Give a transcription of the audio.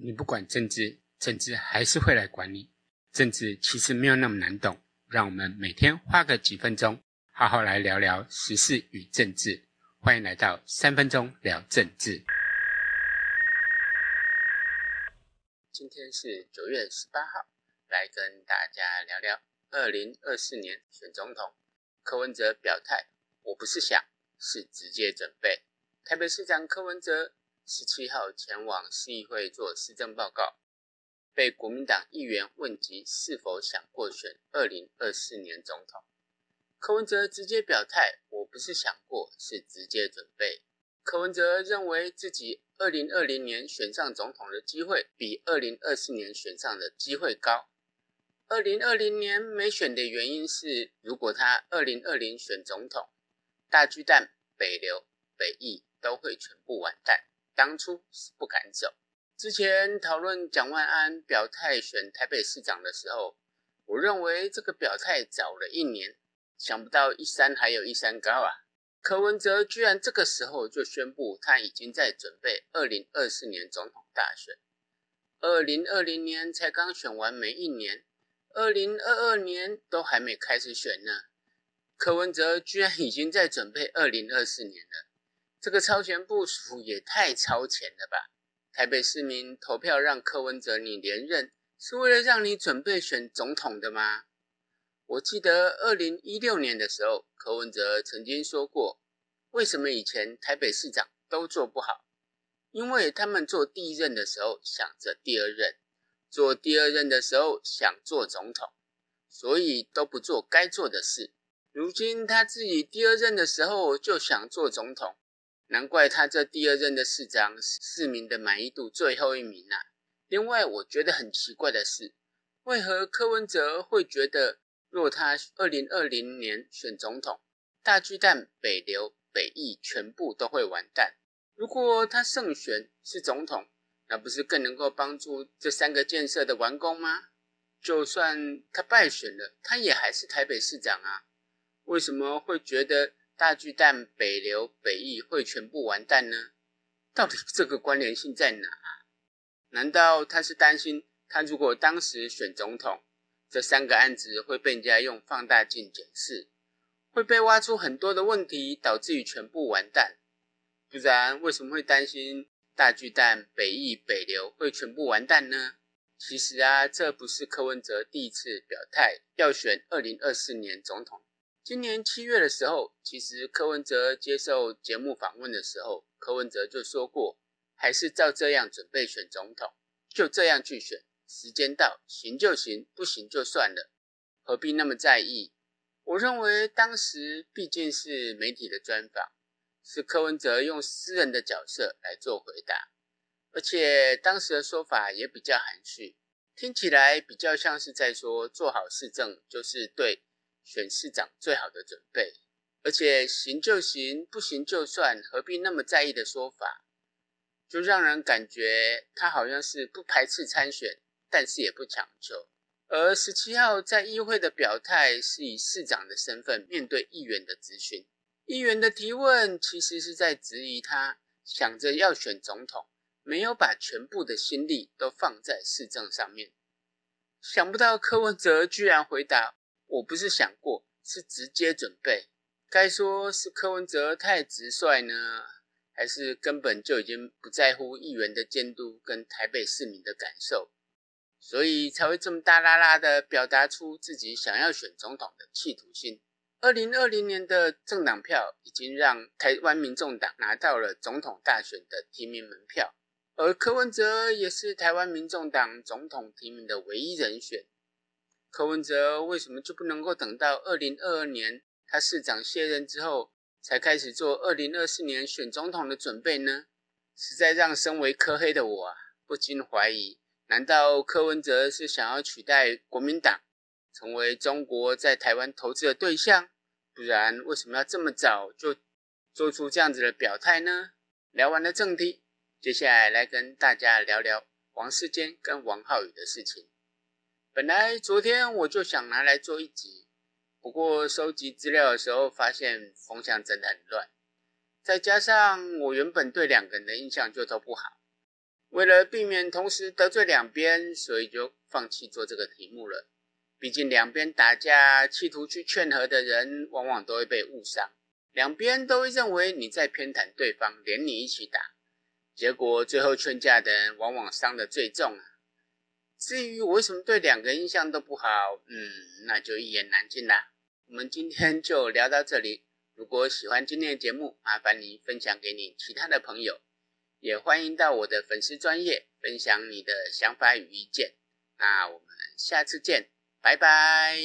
你不管政治，政治還是會來管你。政治其實沒有那麼難懂，讓我們每天花個幾分鐘，好好來聊聊時事與政治。歡迎來到三分鐘聊政治。今天是九月十八號，來跟大家聊聊二零二四年選總統。柯文哲表態：我不是想，是直接準備。台北市長柯文哲。十七號前往市議會做施政報告，被國民黨議員問及是否想過選二零二四年總統，柯文哲直接表態：“我不是想過，是直接準備。”柯文哲認為自己二零二零年選上總統的機會比二零二四年選上的機會高。二零二零年沒選的原因是，如果他二零二零選總統，大巨蛋、北流、北藝都會全部完蛋。當初是不敢走。之前討論蔣萬安表態選台北市長的時候，我認為這個表態早了一年，想不到一山還有一山高啊！柯文哲居然這個時候就宣布，他已經在準備二零二四年總統大選。二零二零年才剛選完沒一年，二零二二年都還沒開始選呢，柯文哲居然已經在準備二零二四年了。這個超前部署也太超前了吧！台北市民投票讓柯文哲你連任，是為了讓你準備選總統的嗎？我記得二零一六年的時候，柯文哲曾經說過：“為什麼以前台北市長都做不好？因為他們做第一任的時候想着第二任，做第二任的時候想做總統，所以都不做該做的事。”如今他自己第二任的時候就想做總統。難怪他這第二任的市長是市民的滿意度最後一名吶、啊。另外，我覺得很奇怪的是，為何柯文哲會覺得若他二零二零年選總統，大巨蛋、北流、北藝全部都會完蛋？如果他勝選是總統，那不是更能夠幫助這三個建設的完工嗎？就算他敗選了，他也還是台北市長啊。為什麼會覺得，大巨蛋、北流、北藝會全部完蛋呢？到底這個關聯性在哪？難道他是擔心，他如果當時選總統，這三個案子會被人家用放大鏡檢視，會被挖出很多的問題，導致於全部完蛋？不然啊，為什麼會擔心大巨蛋、北藝、北流會全部完蛋呢？其實啊，這不是柯文哲第一次表態要選二零二四年總統。今年七月的時候，其實柯文哲接受節目訪問的時候，柯文哲就說過，還是照這樣準備選總統，就這樣去選，時間到，行就行，不行就算了，何必那麼在意？我認為當時畢竟是媒體的專訪，是柯文哲用私人的角色來做回答，而且當時的說法也比較含蓄，聽起來比較像是在說做好市政就是對選市長最好的準備，而且行就行，不行就算，何必那麼在意的說法，就讓人感覺他好像是不排斥參選，但是也不強求。而十七號在議會的表態，是以市長的身份面對議員的質詢，議員的提問其實是在質疑他想着要選總統，沒有把全部的心力都放在市政上面。想不到柯文哲居然回答。我不是想過，是直接準備。該說是柯文哲太直率呢，還是根本就已經不在乎議員的監督跟台北市民的感受，所以才會這麼大剌剌的表達出自己想要選總統的企圖心？二零二零年的政黨票已經讓台灣民眾黨拿到了總統大選的提名門票，而柯文哲也是台灣民眾黨總統提名的唯一人選。柯文哲為什麼就不能夠等到二零二二年他市長卸任之後，才開始做二零二四年選總統的準備呢？實在讓身為柯黑的我啊，不禁懷疑：難道柯文哲是想要取代國民黨，成為中國在台灣投資的對象？不然為什麼要這麼早就做出這樣子的表態呢？聊完了正題，接下來來跟大家聊聊王世堅跟王浩宇的事情。本來昨天我就想拿來做一集，不過收集資料的時候發現風向真的很亂，再加上我原本對兩個人的印象就都不好，為了避免同時得罪兩邊，所以就放棄做這個題目了。畢竟兩邊打架，企圖去勸和的人，往往都會被誤傷，兩邊都會認為你在偏袒對方，連你一起打，結果最後勸架的人往往傷得最重啊。至於我為什麼對兩個印象都不好，嗯，那就一言難盡啦。我們今天就聊到這裡。如果喜歡今天的節目，麻煩你分享給你其他的朋友，也歡迎到我的粉絲專頁分享你的想法與意見。那我們下次見，拜拜。